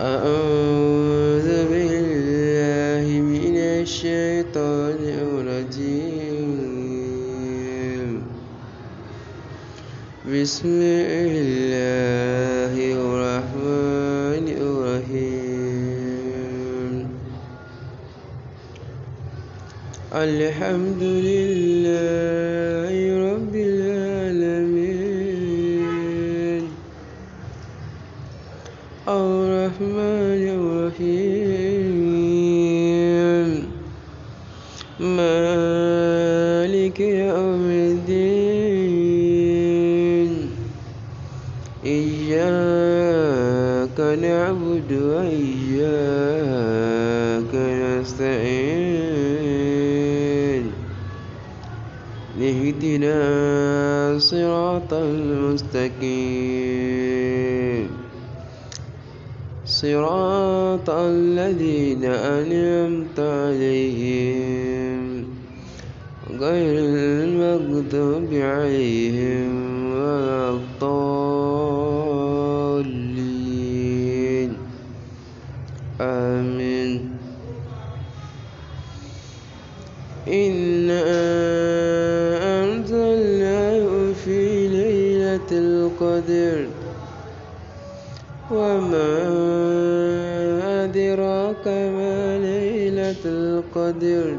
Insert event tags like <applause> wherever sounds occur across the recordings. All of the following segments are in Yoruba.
أعوذ بالله من الشيطان الرجيم بسم الله الرحمن الرحيم الحمد لله اهدنا صراط المستقيم صراط الذين أنعمت عليهم غير المغضوب عليهم ولا الضالين قدر وما أدراك ما ليلة القدر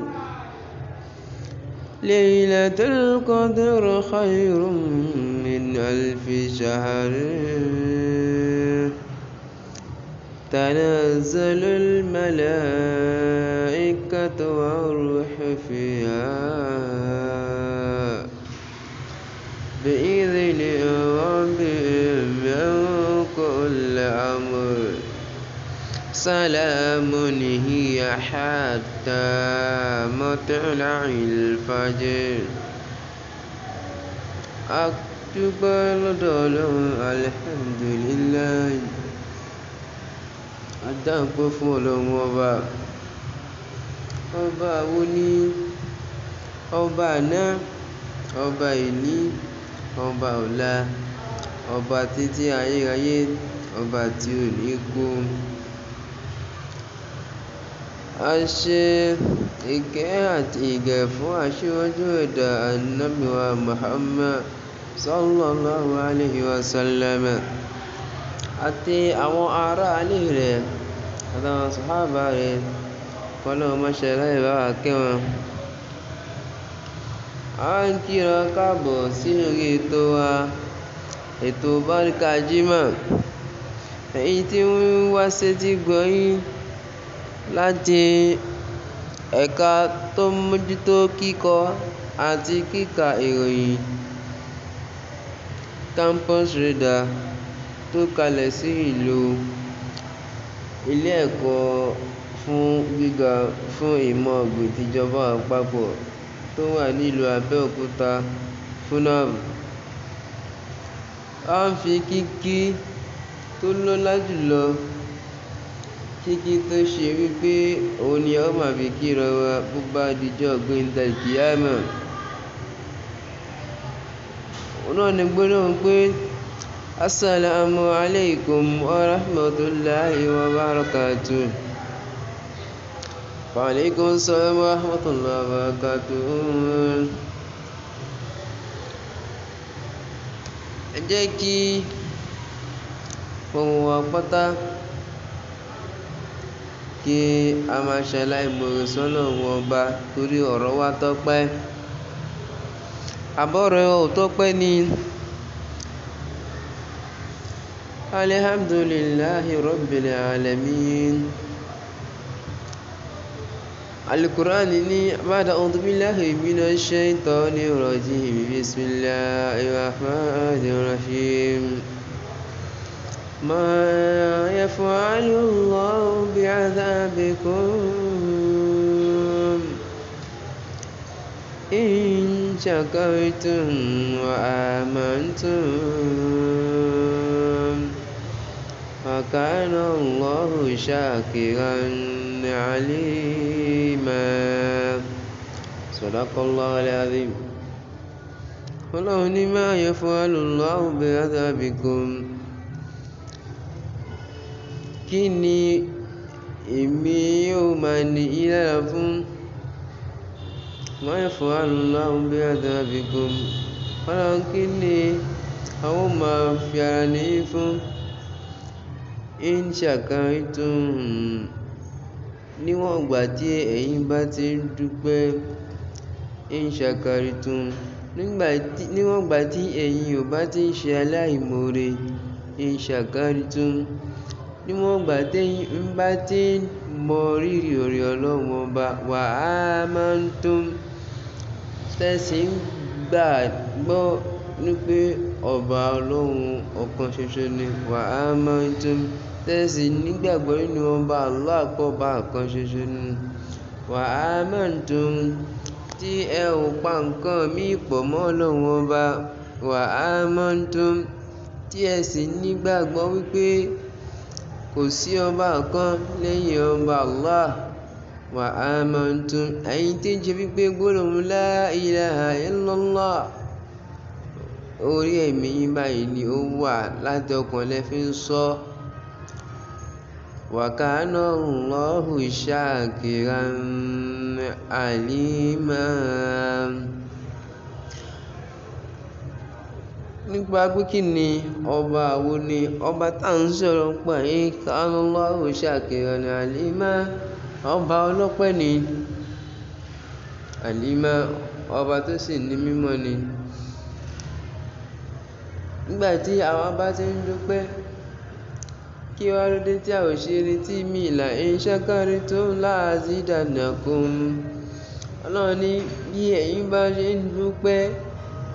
ليلة القدر خير من ألف شهر تنزل الملائكة والروح فيها سلام هي حتى مطلع الفجر أكتب الظلم الحمد لله adáǹpé fún ọlọ́run ọba ọba wo ni ọba àná ọba ìní ọba ọ̀la ọba títí ayérayé ọba tí ò ní kú a ṣe ìkẹ́ àti ìgẹ̀ fún aṣíwájú ẹ̀dá ànábì wa Muhammad sallallahu alayhi wa sallam àti àwọn ará alé rẹ̀ àtàwọn sàhábà rẹ̀ kọ́lọ́wọ́ mọ́ṣẹ́ láì bá wa kẹ́ a ń kíra káàbọ̀ sínú ètò wa ètò báríkà jimá èyí tí ń wá sétí gbọ́yìn láti ẹ̀ka tó ń mójútó kíkọ àti kíka ìròyìn campus radar tó kalẹ̀ sí ìlú ilé ẹ̀kọ́ fún gíga fún ìmọ̀ ọ̀gbìn tìjọba àpapọ̀ tó wà nílùú Abẹ́òkúta FUNAB. A ń fi kíkí tó lọ́lá jùlọ kíkí tó ṣe wípé òun ni ọ mà fi kíra wa bó bá dijọ́ gbẹ̀ndà ìkìyàmọ̀ òun náà ni gbólóhùn pé assalamu alaikum wa rahmatullahi wa barakatuh wa alaikum assalam ẹ jẹ́ kí gbogbo wa pátá kí a máa ṣe aláìmoore sọ́lọ́run ọba torí ọ̀rọ̀ wa tọ́pẹ́ àbọ̀rọ̀ ò tọ́pẹ́ ni alihamdulilahi rabbil alamin alukurani ní bàdà ọdún bíláhì ìbínú ṣe ń tọ́ ní rọ̀jì bismillahir rahmanir rahim ma yaf'alu Allahu عذابكم إن شكرتم وآمنتم وكان الله شاكرا عليما صدق الله العظيم ولوني نعم ما يفعل الله بعذابكم كني èmi yóò máa ní ìlera fún máa fọ àlùláhùn bí àdàbìgùn ọlọ́run kí ni àwọn máa fi ara nìyí fún ìṣàkan ìtún hmm, níwọ̀n ìgbà tí ẹ̀yin bá ti ń dúpẹ́ ìṣàkan ìtún níwọ̀n ìgbà tí ẹ̀yin ò bá ti ń ṣe aláìmoore ìṣàkan ìtún níwọ̀n ìgbà téyìn ń bá ti ń mọ rírì oore Ọlọ́run ọba wà á máa ń tó tẹ̀sí ń gbàgbọ́ wípé ọba Ọlọ́run ọ̀kan ṣoṣo ni wà á máa ń tó tẹ̀sí nígbàgbọ́ nínú ọba Allah pé ọba ṣoṣo ni wà á máa ń tó tí ẹ ò pa nǹkan míì pọ̀ mọ́ Ọlọ́run ọba wà á máa ń tó tí ẹ sì nígbàgbọ́ wípé kò sí ọba kan lẹ́yìn ọba allah wa amantu ẹ̀yin tí ń ṣe wípé gbólóhùn la ilaha illallah orí ẹ̀mí yín báyìí ni ó wà láti ọkàn lẹ fi ń sọ wa kana Allahu shakiran alima. nípa pé ni ọba wo ni ọba tá ń sọ̀rọ̀ ń pa yìí kánú lọ́rùn ṣàkìrọ̀nà àlímá ọba ọlọ́pẹ́ ni àlímá ọba tó sì ní mímọ́ ni. nígbà tí àwa bá ti ń dúpẹ́ kí wá ló dé tí a ò ṣe retí mi ìlà iṣẹ́ tó láàzí kún ọlọ́run ní bí ẹ̀yin bá ṣe ń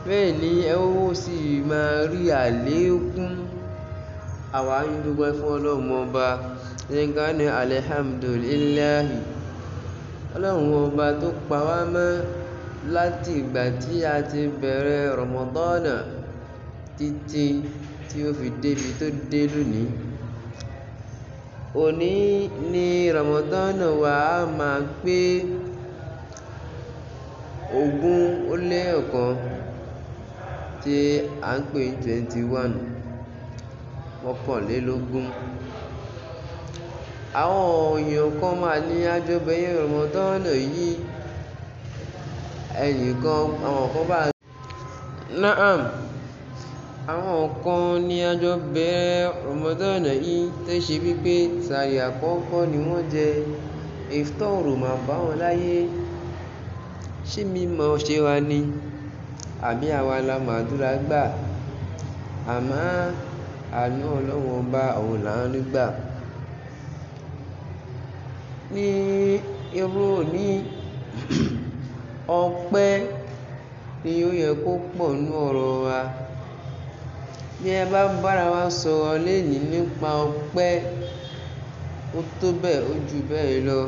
bẹ́ẹ̀ ni ẹ ó sì máa rí àlékún àwa ń dúpẹ́ fún ọlọ́run ọba nígbà ní alihamdulilayi ọlọ́run ọba tó pa wá mọ́ láti ìgbà tí a ti bẹ̀rẹ̀ rọmọdọ́nà títí tí ó fi débi tó dé lónìí òní ni rọmọdọ́nà wa á máa pé ogún ó lé ọ̀kan tí à ń pè ní twenty one mọ́kànlélógún àwọn èèyàn kan máa ní àjọbẹ̀yìn rọmọdọ́nà yìí ẹnìkan àwọn kan bá. naam àwọn kan ní àjọbẹ̀rẹ̀ rọmọdọ́nà yìí tó ṣe wípé sàrì àkọ́kọ́ ni wọ́n jẹ ìfitọ́rù màá bá wọn láyé ṣé mi mọ̀ ṣe wa ni. àbí àwa la àdúrà gbà àmọ́ àánú ọlọ́run ọba òun là ń rí gbà ní irú òní <clears throat> ọpẹ ni ó yẹ kó pọ̀ nú ọ̀rọ̀ wa bí ẹ bá bára wa sọ̀rọ̀ lénìí nípa ọpẹ ó tó bẹ́ẹ̀ ó jù bẹ́ẹ̀ lọ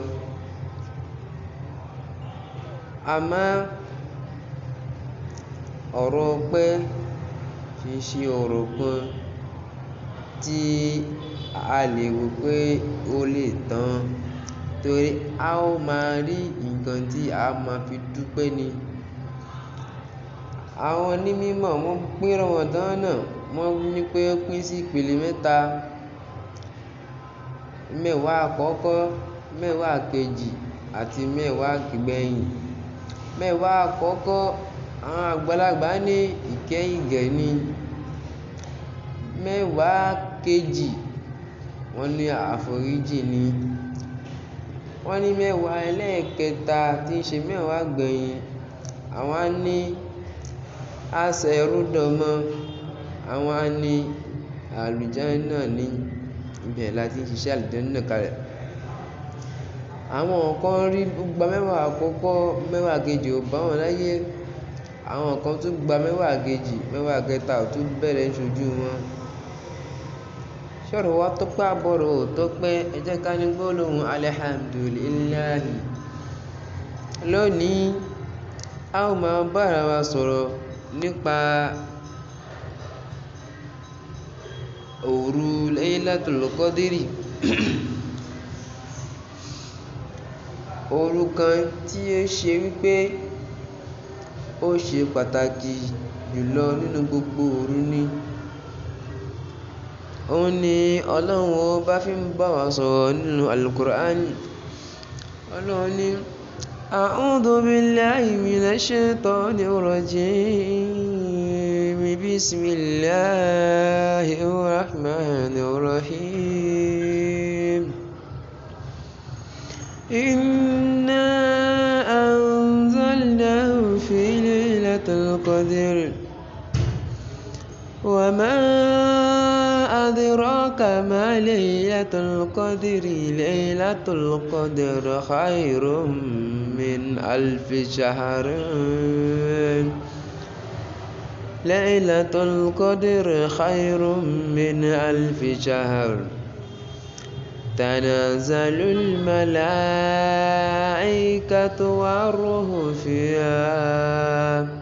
àmọ́. ọ̀rọ̀ ọpẹ́ kì í ṣe ọ̀rọ̀ kan tí a lè wò pé ó lè tán torí a ó máa rí nǹkan tí a máa fi dúpẹ́ ni. Àwọn onímọ̀ wọ́n pín Ramadan náà wọ́n ní pé ó pín sí ìpele mẹ́ta, mẹ́wàá àkọ́kọ́, mẹ́wàá kejì àti mẹ́wàá gbẹ̀yìn. Mẹ́wàá àkọ́kọ́ àwọn àgbàlagbà ní ìkẹ́yìngẹ̀ ní mẹ́wàá kejì wọ́n ní àforíjì ni wọ́n ní mẹ́wàá ẹlẹ́ẹ̀kẹta tí ń ṣe mẹ́wàá gbẹ̀yìn àwọn á ní àṣẹrúdọ̀mọ́ àwọn á ní àlùjánnà ní ibẹ̀ láti ń ṣiṣẹ́ àlùjánnà kalẹ̀ àwọn kan rí gbogbo mẹ́wàá àkọ́kọ́ kejì ò bá wọn láyé àwọn kan tún gba mẹ́wàá kejì mẹ́wàá kẹta ò tún bẹ̀rẹ̀ ṣojú wọn sọ̀rọ̀ wa tó pẹ́ àbọ̀rọ̀ ò tó pẹ́ ẹ jẹ́ ká ní gbólóhùn alihamdulilahi lónìí a ó máa bára wa sọ̀rọ̀ nípa òru Laylatul Qadri òru kan tí ó ṣe wípé ó ṣe pàtàkì jùlọ nínú gbogbo òru ni. Òun ni Ọlọ́run ọba fi ń bá wa sọ̀rọ̀ nínú àlùkur'ani. Ọlọ́run ní, "A'udhu billahi minash shaitani rrajim. Bismillahir rahmanir rahim. Inna ليلة القدر وما أدراك ما ليلة القدر ليلة القدر خير من ألف شهر ليلة القدر خير من ألف شهر تنزل الملائكة والروح فيها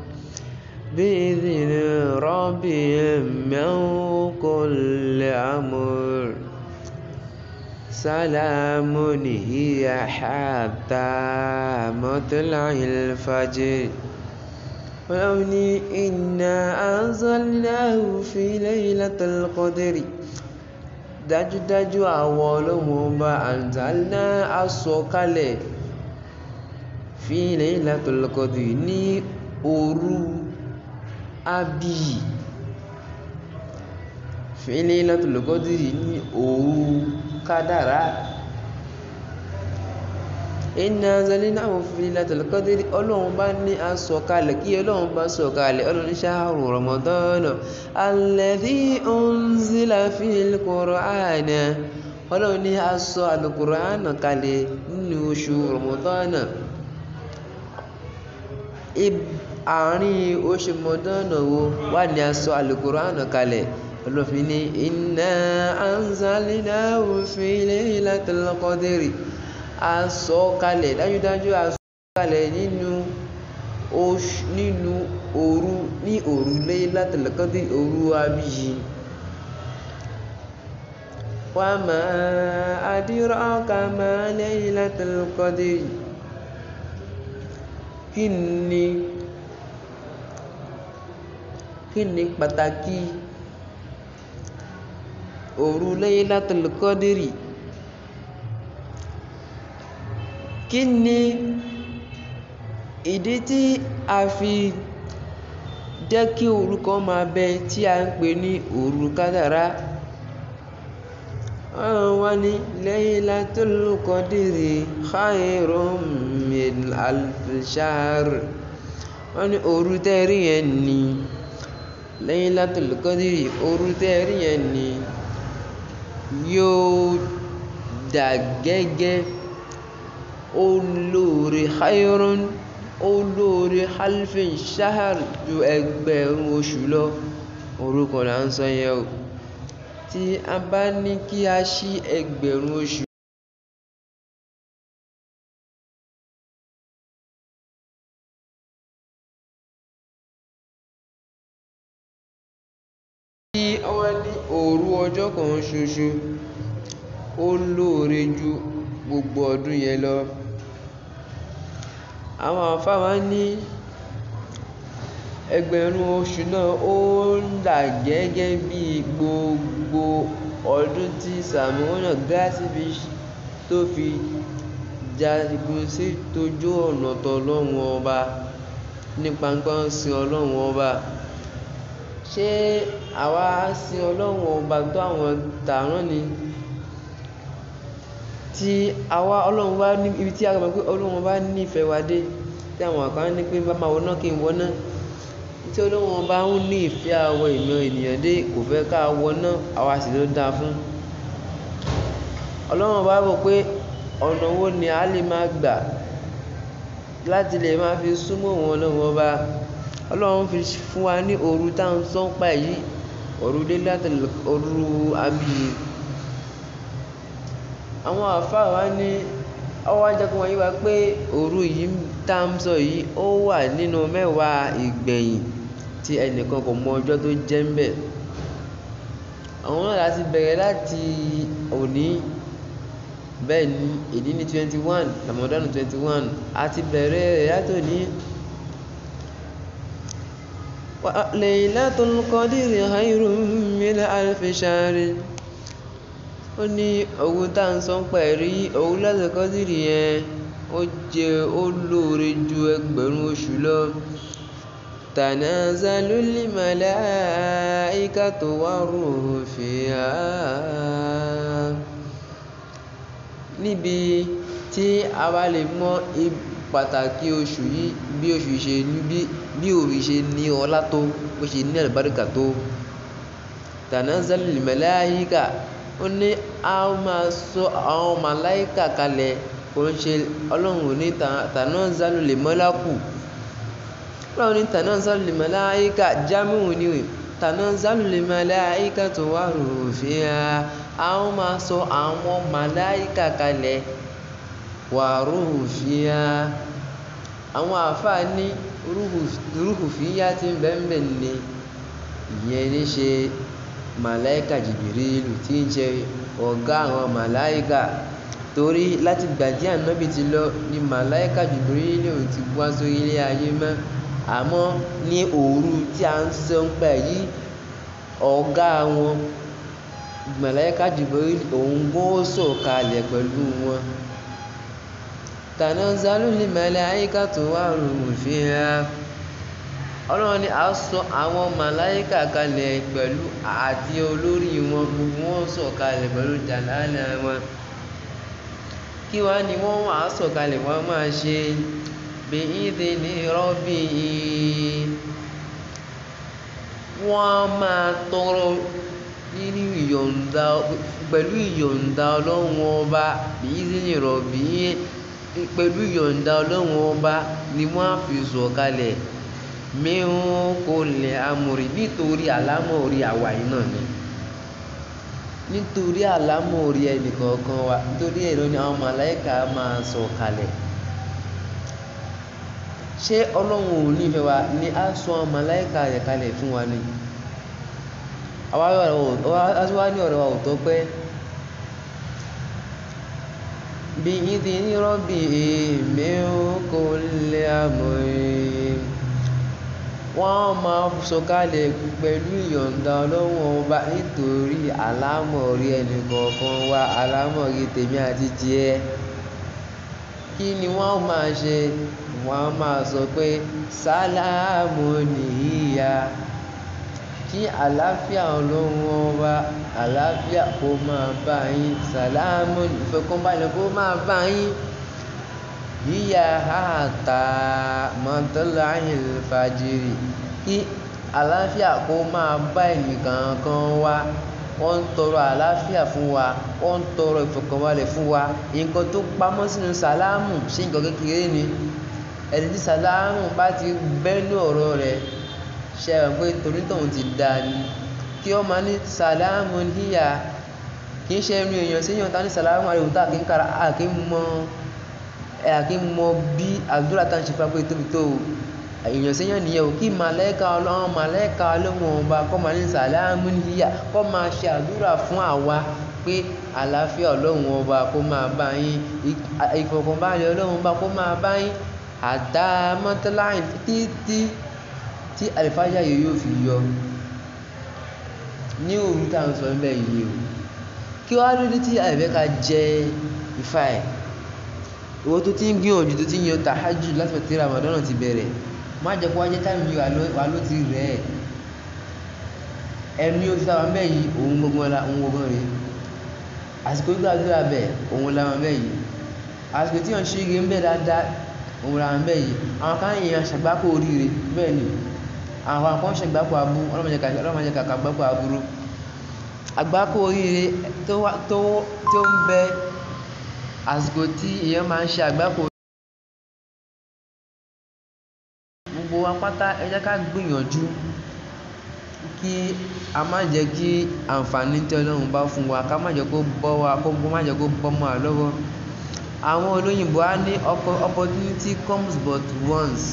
بإذن ربهم من كل أمر سلام هي حتى مطلع الفجر ولوني إنا أنزلناه في ليلة القدر دج دج أول ما أنزلنا السكال في ليلة القدر أورو ábì fèlè lọ́tòlógọ́dìrì ní òru kádàrá iná zọlí náà wọ́n fi látọ̀lọ́kọ́dé ọlọ́run bá ní asọ̀kalẹ̀ kí ọlọ́run bá sọ̀kalẹ̀ ọlọ́run ṣáàrù rọmọdọ́nà alẹ́dí ounzila fil Qur'ana ọlọ́run ní asọ àlùkùránà kalẹ̀ nínú oṣù rọmọdọ́nà Àárín oṣù Ramadan wo wà ní a sọ àlùkùránì kalẹ̀? Ọlọ́run fi ní "Inna anzalnahu fi laylatil qadr". A sọ kalẹ̀ dájúdájú, a sọ kalẹ̀ nínú oṣù, nínú òru, ní òru laylatil qadr, òru abiyì. Wa ma adraka ma laylatil kí ni kí ni pàtàkì òru Laylatul Qadri kí ni ìdí tí a fi jẹ́ kí orúkọ máa bẹ tí a ń pè ní òru kádàrá wọ́n ní Laylatul Qadri khayrun min alfi shahr wọ́n ní òru tẹ́rí yẹn ni Laylatul Qadri òru tẹ́rí yẹn ni yóò dà gẹ́gẹ́ ó lóore khayrun ó shahr ju ẹgbẹ̀rún oṣù lọ orúkọ là ń sọ yẹn o. Tí a bá ní kí a ṣí ẹgbẹ̀rún oṣù tí wọ́n ní òru ọjọ́ kan ṣoṣo, ó lóore ju gbogbo ọdún yẹn lọ. Àwọn àlfáà wa ní. Ẹgbẹ̀rún oṣù náà ó ń là gẹ́gẹ́ bí gbogbo ọdún tí Samir Ghazayel tó fi jagun sójú ọ̀nà t'Ọlọ́run Ọba ní gbangba ń sin Ọlọ́run Ọba. Ṣé àwa á sin Ọba tó àwọn tàárán ni? Tí àwa Ọlọ́run wá ní ibi tí a mọ̀ pé Ọlọ́run Ọba nífẹ̀ẹ́ wa dé, tí àwọn kan ní pé bá máa wọná kí n wọná tí Ọlọ́run ọba ń ní ìfẹ́ àwọ èèyàn ènìyàn dé kò fẹ́ ká wọ àwa sì ló dáa fún. Ọlọ́run ọba rò pé ọ̀nà wo ni a lè máa gbà láti lè máa fi súnmọ́ òun Ọlọ́run ọba. Ọlọ́run fi fún wa ní òru tá à ń sọ ń pa yìí òru dé láti òru abiyì. Àwọn àlfáà wa ní ọwọ́ ajẹ́ kó wọ́n yé wa pé òru yìí tá à ń sọ yìí ó wà nínú mẹ́wàá ìgbẹ̀yìn tí ẹnìkan kò mọ ọjọ́ tó jẹ́ ń bẹ̀ àwọn náà láti bẹ̀rẹ̀ láti òní bẹ́ẹ̀ ni èdè ní twenty one Ramadan twenty one àti bẹ̀rẹ̀ rẹ̀ látòní. Laylatul Qadri khayrun min alfi shahr ó ní òwú tá à ń sọ ń pa ẹ̀rí òwú Laylatul Qadri yẹn ó jẹ ó lóore ju ẹgbẹ̀rún oṣù lọ. تتنازل الملائكة والروح فيها níbi tí a bá lè mọ pàtàkì oṣù yìí bí oṣù ṣe bí bí òru ṣe ní ọlá tó bó ṣe ní àlùbáríkà tó tànázàlù mẹláyíkà ó ní a máa sọ àwọn màláìkà kalẹ̀ kò ń ṣe ọlọ́run ní tànázàlù lè ọlọ́run ní tanazzalu lil malaika jámùú ni o tanazzalu lil malaika tó wà rúfin ha àwọn máa sọ àwọn màláìka kalẹ̀ wà rúfin ha àwọn àáfàá ní rúfin yá ti ń bẹ́ẹ̀ ni ìyẹn ní ṣe màláìka jìbìrìlù tí ń ṣe ọ̀gá àwọn màláìka torí láti gbàdí ànábì ti lọ ni màláìka jìbìrìlù ti wá sórí ilé ayé mọ́. Àmọ́ ní òru tí à ń sọ ń pa èyí, ọ̀gá wọn, Màláíkà Jibril, òun gan ó sọ̀kalẹ̀ pẹ̀lú wọn. Tanazzalul malaikatu waruhu fiha. Ọlọ́run ni a sọ àwọn Màláíkà kalẹ̀ pẹ̀lú àti olórí wọn, gbogbo wọn sọ̀kalẹ̀ pẹ̀lú jàlálà wọn. Kí wá ni wọ́n wà sọ̀kalẹ̀ wọ́n máa ṣe? بإذن ربه wọ́n á nínú ìyọ̀ǹda pẹ̀lú ìyọ̀ǹda ọlọ́run ọba pẹ̀lú ìyọ̀ǹda ọlọ́run ni wọ́n á fi sọ̀kalẹ̀ mẹ́hún kò lè amòrì nítorí àlámọ̀rí àwa yìí náà ni nítorí àlámọ̀rí wa nítorí ẹ̀rọ ni àwọn màláìka máa ṣé ọlọ́run ò nífẹ̀ẹ́ wa ni a sọ àwọn màláìka rẹ̀ kalẹ̀ fún wa ni àwa ní ọ̀rọ̀ wa ò tọ́ pẹ́ bí ìdí ní rọ́bì èèmí kò lè amòye wọ́n máa sọ̀kalẹ̀ pẹ̀lú ìyọ̀ǹda ọlọ́run ọba nítorí àlámọ̀rí ẹnì kọ̀ọ̀kan wa àlámọ̀rí tèmi àti tiẹ̀ kí ni wọ́n máa ṣe. wọ́n á máa sọ pé sálámù nìyíya kí àlàáfíà ọlọ́run ọba àlàáfíà kó máa bá yín sàlámù ìfọ̀kànbalẹ̀ kó máa bá yín yíya àtà mọ̀tọ́lá ìfàjìrì kí àlàáfíà kó máa bá ẹnì kankan wa wọ́n ń tọrọ àlàáfíà fún wa wọ́n ń tọrọ ìfọ̀kànbalẹ̀ fún wa nǹkan tó pamọ́ sínú sàlámù ṣé nǹkan kékeré ni ẹni tí sàlámù bá ti bẹ́nu ọ̀rọ̀ rẹ̀ ṣe àwọn pé torítọ̀hún ti dà ní kí ó máa ní sàlámù níyà kì í ṣe irin èèyàn sí èèyàn tá ní sàlámù àríwò tá kì í kára àkì í mọ àkì í mọ bí àdúrà tá à ń ṣe fún pé tóbi tó èèyàn sí èèyàn nìyẹn o kí màlẹ́ka ọlọ́run màlẹ́ka ọlọ́run ọba kọ́ máa ní sàlámù níyà kọ́ máa ṣe àdúrà fún àwa pé àlàáfíà ọlọ́run ọba kó máa bá yín ìfọ̀kànbalẹ̀ ọlọ́run ọba kó máa bá yín àdámọ́tẹ́láìn títí tí àlìfájà yìí yóò fi yọ ní òru tá à ń sọ níbẹ̀ yìí o kí wàá lóde tí àlìfẹ́ka jẹ ifá ẹ̀ owó tó ti ń gbìyànjú tó ti ń yan tàhájù láti pẹ̀tẹ́ ramadan ti bẹ̀rẹ̀ má jẹ́ kó wá jẹ́ táìmù yìí wà ló ti rẹ̀ ẹ́ ẹnu yóò fi sábà bẹ́ẹ̀ yìí òun gbogbo la òun gbogbo rẹ̀ àsìkò gbàdúrà bẹ́ẹ̀ òun làwọn bẹ́ẹ̀ yìí àsìkò tí wọ́n ṣe é gé ń bẹ́ẹ̀ dáadáa òun ra ń bẹ́ẹ̀ yìí àwọn kan yìí ṣàgbákò oríire bẹ́ẹ̀ ni àwọn kan ṣàgbákò aburú ọlọ́mọdé kàkà àgbákò aburú àgbákò oríire tó ń bẹ àsìkò tí èèyàn máa ń ṣe àgbákò gbogbo wa pátá ẹ jẹ́ ká gbìyànjú kí a má jẹ́ kí àǹfààní tí Ọlọ́run bá fún wa ká má jẹ́ kó bọ́ wa kó má jẹ́ kó bọ́ mọ́ wa àwọn olóyìnbo á ní opportunity comes but once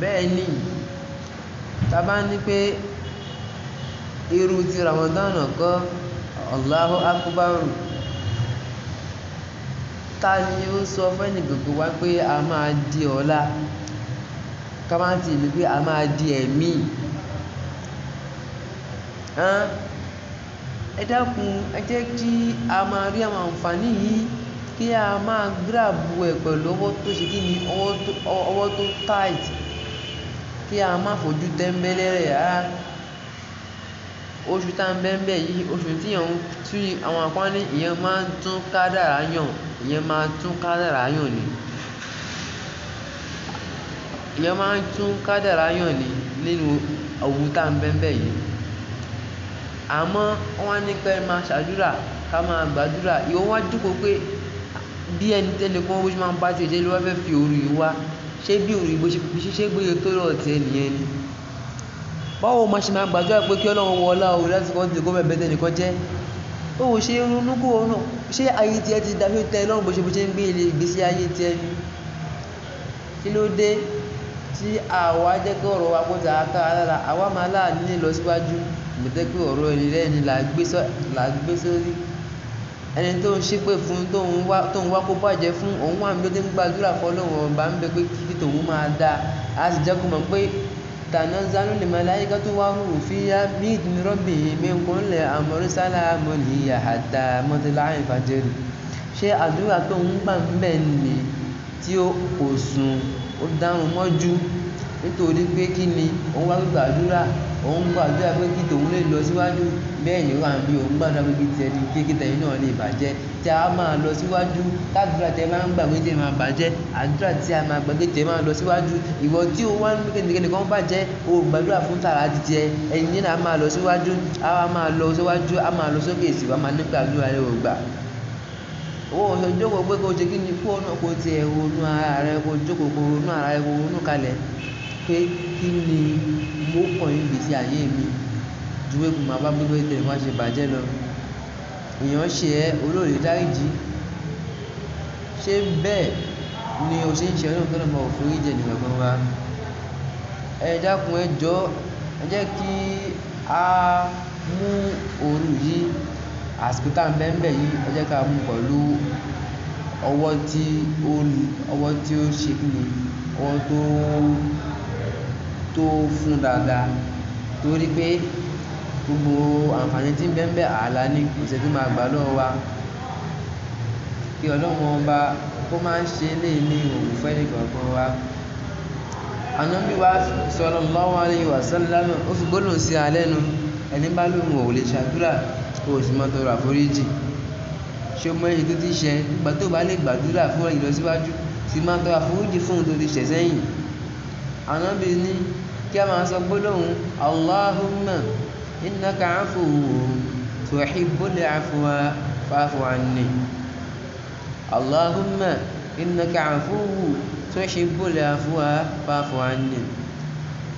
bẹ́ẹ̀ ni tá bá ní pé irú ti Ramadan kọ́ Allahu Akbar ta ni ó sọ fẹ́ni gbogbo wa pé a máa di ọ̀la ká máa ti ìlú pé a máa di ẹ̀mí ẹ dákun ẹ jẹ́ kí a máa rí àwọn àǹfààní yìí kí a máa grab ẹ̀ pẹ̀lú ọwọ́ tó ṣe kí ni ọwọ́ tó tight kí a má fojú tẹ́mbẹ́lẹ́ rẹ̀ rárá. Oṣù tá ń bẹ́ ń bẹ́ yìí, oṣù tí èèyàn tí àwọn kan ní èèyàn máa ń tún kádàrá yàn, èèyàn máa tún kádàrá yàn ni. Èèyàn máa ń tún kádàrá yàn ni nínú òwú tá yìí. Àmọ́ wọ́n á ní pé máa ṣàdúrà ká máa gbàdúrà. Ìwọ wá jókòó pé bí ẹni tẹ́lẹ̀ kan bó ṣe máa ń bá tiẹ̀ jẹ́ ló wá fẹ́ fi òru yìí wá ṣé bí òru yìí bó ṣe fi ṣe gbé tó rọ̀ tiẹ̀ nìyẹn ni. báwo ma ṣe máa gbàdúrà pé kí ọlọ́run wọ ọlá òru láti kọ́ tẹ̀lé kó bẹ̀ẹ̀ bẹ́tẹ̀ nìkan jẹ́ ó wò ṣe ronúkú ọ̀nà ṣé ayé tiẹ̀ ti dá fún tẹ lọ́rùn bó ṣe bó ṣe ń gbé ilé ìgbésí ayé tiẹ̀ ni kí ló dé tí àwa jẹ́ pé ọ̀rọ̀ wa kó ta ká lára àwa máa láà ní ìlọsíwájú ìgbẹ́tẹ́ pé ọ̀rọ̀ ẹni rẹ̀ ni là á gbé sórí ẹni tó ń ṣépè fún tóun wá tóun wá kó bàjẹ́ fún òun wà níbi tó ń gbàdúrà fọlọ́run ọba ń bẹ pé kí tòun máa dáa a sì jẹ́ kó mọ̀ pé tànà zanú lè máa láyé ká tó wá rú òfìyà bí ìdùnnú rọ́bì mi ń mọ́lì àhàtà mọ́tẹ́lá ìfàjẹ́rì ṣé àdúrà tó ń gbà ń bẹ̀ ni tí ó sùn ó dárun mọ́jú nítorí pé kí ni òun wá gbàdúrà òun gbàdúrà pé kí tòun lè lọ síwájú bẹ́ẹ̀ ni wà ń bí òun gbàdúrà pé kí tẹni kí tẹni náà lè bàjẹ́ tí a máa lọ síwájú tàdúrà tẹ máa ń gbà pé tẹ máa bàjẹ́ àdúrà tí a máa gbà pé tẹ máa lọ síwájú ìwọ tí o wá ń pè ní kẹ́nìkan bàjẹ́ o gbàdúrà fún tààrà títí ẹ ẹ̀yìn yẹn náà máa lọ síwájú a máa lọ síwájú a máa lọ sókè sí wa máa nípa àdúrà rẹ ò gbà owó ọ̀sẹ̀ jókòó pé kò ṣe kí ni kó náà kó tiẹ̀ ronú ara rẹ kó jókòó kó ronú ara rẹ kó ronú kalẹ̀ pé kí ni mo kàn ní ìgbésí ayé mi ju pé mo máa bá gbégbé tẹ̀lé wá ṣe bàjẹ́ lọ. Èèyàn ṣe ẹ́, olóòlè dáríji. Ṣé bẹ́ẹ̀ ni o ṣe ń ṣe Ọlọ́run k'Ọlọ́run máa foríjì ẹnì kọ̀ọ̀kan wa? Ẹ dákun ẹ jọ́, ẹ jẹ́ kí a mú òru yìí, àsìkò tá ń bẹ ń bẹ̀ yìí, ẹ jẹ́ ká mú pẹ̀lú ọwọ́ tí ó ṣe kíni, ọwọ́ tó tó fún dáadáa torí pé gbogbo àǹfààní tí ń bẹ ń bẹ ààlà ni kò sì tí máa gbà lọ́wọ́ wa kí ọlọ́run ọba kó máa ń ṣe eléyìí ní òun fẹ́ ní gbọ̀ngàn wa. ànábì wa sallallahu alaihi wasallam ó fi gbólóhùn sí alẹ́ nu ẹni bá lóhùn ò lè ṣàdúrà kó o sì mọ tọrọ àforíjì ṣé o mọ èyí tó ti ṣe nígbà tó bá lè gbàdúrà fún ìlọsíwájú sì máa tọrọ àforíjì fún òun tó ti ṣẹ̀ sẹ́yìn ànábì ní kí a máa sọ gbólóhùn Allahumma innaka afuwwun tuhibbul afwa fa'fu anni Allahumma innaka afuwwun tuhibbul afwa fa'fu anni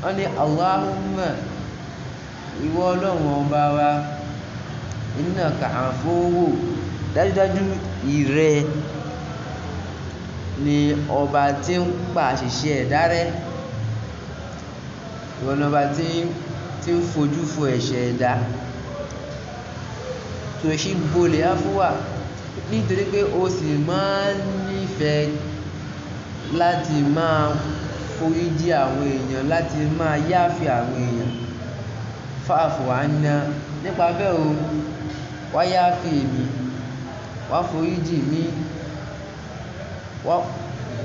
wọ́n ní Allahumma ìwọ ọlọ́run ọba wa innaka afuwwun dájúdájú ìrẹ ni ọba tí ń pa àṣìṣe ẹ̀dá rẹ̀ ìwọ lọba tí tí ń fojú fo ẹ̀ṣẹ̀ ẹ̀dá tó ṣì gbolè áfúwà nítorí pé o sì máa ń nífẹ̀ẹ́ láti máa foríjì àwọn èèyàn láti máa yááfì àwọn èèyàn fáàfù wá ná nípa bẹ́ẹ̀ o wá yááfì èmi wá foríjì mi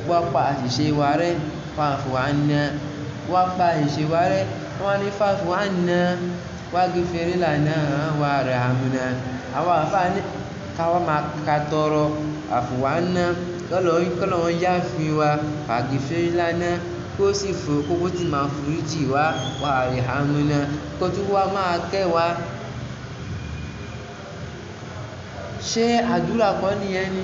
wá pa àṣìṣe wa rẹ́ fáàfù wá ná wá pa ìṣèwà rẹ wọ́n ní fáfù wá nà wá gífèrè lànà wà rẹ̀ àmúnà àwọn àfa ní káwọn máa ka tọrọ àfùwà ná kọ́lọ̀ wọn yá fi wa fàgífèrè lànà kó sì fò kókó tí máa foríjì wá wà rẹ̀ àmúnà kó tún wá máa kẹ́ wa ṣé àdúrà kan nìyẹn ni. Yẹni?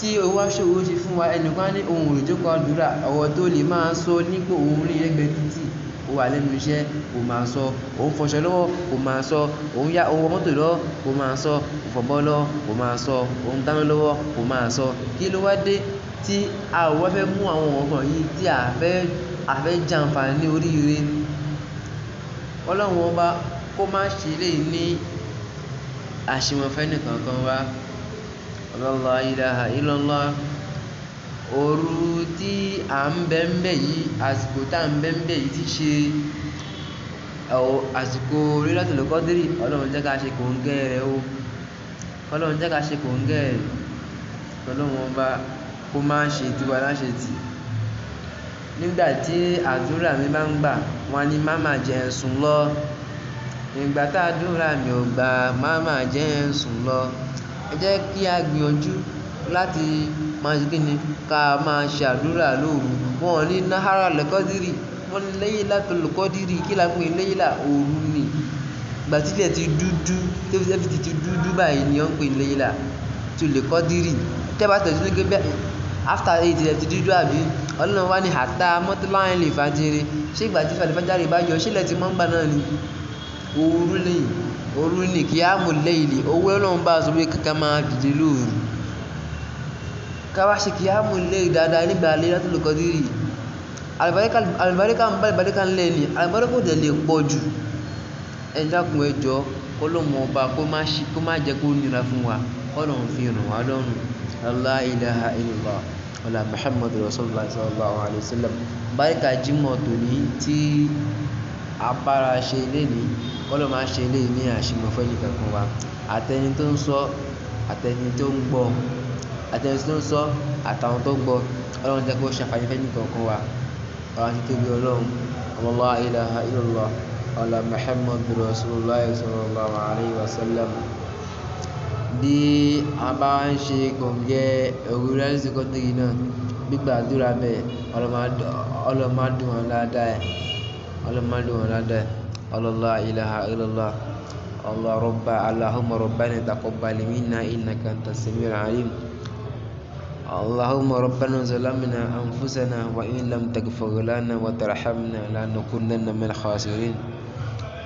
tí owó aṣòwò ṣe fún wa ẹnìkan ní òun ò jókòó àdúrà ọ̀rọ̀ tó lè máa sọ nípò òun rí lẹ́gbẹ̀ẹ́ títì ó wà lẹ́nu iṣẹ́ kò máa sọ òun fọṣọ lọ́wọ́ kò máa sọ òun ya owó mọ́tò lọ́wọ́ kò máa sọ òun fọ̀bọ́ lọ́wọ́ kò máa sọ òun dáná lọ́wọ́ kò máa sọ kí ló wá dé tí a ò wá fẹ́ mú àwọn ọ̀kan yìí tí a fẹ́ a fẹ́ jàǹfààní oríire ọlọ́run ọba kó má ṣe lè ní àṣìwọ̀n fẹ́ nìkan kan wá ọlọ́lọ́ ilaha illallah òru tí à ń bẹ ń bẹ yìí àsìkò tá à ń bẹ ń bẹ yìí ti ṣe àsìkò Lailatul Qadri ọlọ́run jẹ́ ká ṣe kòńgẹ́ rẹ̀ o ọlọ́run jẹ́ ká ṣe kòńgẹ́ rẹ̀ ọlọ́run ọba kó má ṣe tiwa láṣẹ tì nígbà tí àdúrà mi bá ń gbà wọn ni má má jẹ́ ń sùn lọ nígbà tá àdúrà mi ò gbà má má jẹ́ ń sùn lọ jẹ́ kí a gbìyànjú láti máa ṣe kíni ká máa ṣe àdúrà lóru. Wọn ò ní nahara al-qadri, wọ́n ní laylatul qadri. Kí la ń pè ní layla? Òru ni. Ìgbà tí ilẹ̀ ti dúdú, tí everything ti dúdú báyìí ni wọ́n ń pè ní layla tul qadri. Tẹ́ bá tẹ̀síwájú pé bí after eight ilẹ̀ ti dúdú àbí? Ọlọ́run wá ní hatta matla'il fajri. Ṣé ìgbà tí àlùfájàrí bá yọ, ṣé ilẹ̀ ti mọ́ ń gbà náà ni? Òru ni òru ni kìyàmù lẹ́yìnì owó ọlọ́run bá sọ pé kankan máa dìde lóru ká wá ṣe kìyàmù lẹ́yìn dáadáa nígbà Laylatul Qadri àlùbáríkà ń bá àlùbáríkà ń lẹ́ni àlùbáríkà ò dẹ̀ lè pọ̀ jù ẹ dákun ẹ jọ kọlọ́mọ ọba kó má jẹ́ kó nira fún wa kọ́nà ń fi ràn wá lọ́rùn la ilaha ọ̀là muhammadu rasulullah sallallahu alayhi wa sallam báríkà jimoh tòní tí abára ṣe lénìí kọ́lọ́ máa ṣe léyìí ní àṣemọ̀ fún ẹnì kankan wa àtẹni tó ń sọ àtẹni tó ń gbọ́ àtẹni tó ń sọ àtàwọn tó ń gbọ́ ọlọ́run jẹ́ kó ṣàfàyè fẹ́ ẹnì kankan wa ọlọ́run ti tóbi ọlọ́run ọlọ́lá ilaha illallah ọlá muhammadu rasulullah sallallahu alayhi wa sallam bí a bá ń ṣe kòǹgẹ́ òwúrọ̀ ẹ̀sìn kọ́ńtì yìí náà gbígbàdúrà bẹ́ẹ̀ ọlọ́mọdún الملك لدى قال لا إله إلا الله الله رب اللهم ربنا تقبل منا إنك أنت السميع العليم اللهم ربنا ظلمنا أنفسنا وإن لم تغفر لنا وترحمنا لنكونن من الخاسرين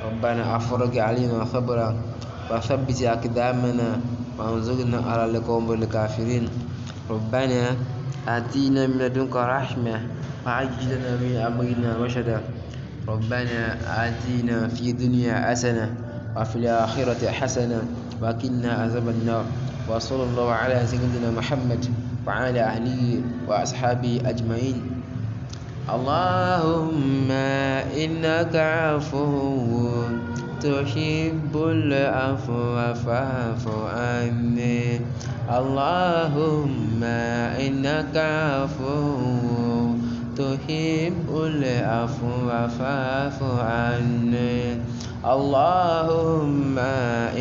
ربنا أفرج علينا خبرا وثبت أقدامنا وانظرنا على القوم الكافرين ربنا آتينا من لدنك رحمة وعجلنا من أمرنا رشدا ربنا آتنا في الدنيا حسنة وفي الآخرة حسنة وقنا عذاب النار وصلى الله على سيدنا محمد وعلى أهله وأصحابه أجمعين اللهم إنك عفو تحب العفو فاعف عني اللهم إنك عفو تحب العفو فاعف عني اللهم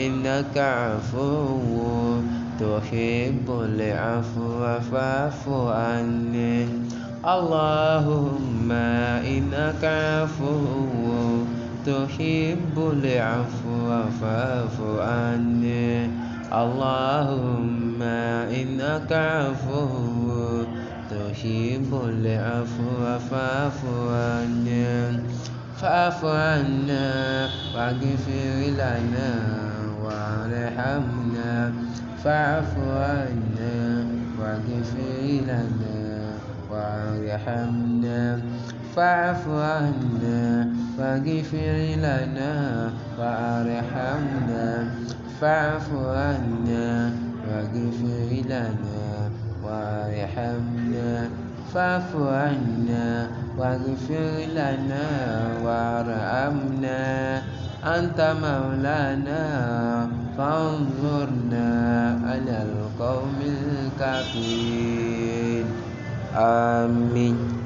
إنك عفو تحب العفو فاعف عني اللهم إنك عفو تحب العفو فاعف عني اللهم إنك عفو محب العفو فاعفو عنا فاعف عنا واغفر لنا وارحمنا فاعف عنا واغفر لنا وارحمنا فاعف عنا واغفر لنا وارحمنا فاعف عنا واغفر لنا وارحمنا فاعف عنا واغفر لنا وارحمنا أنت مولانا فانظرنا على القوم الكافرين آمين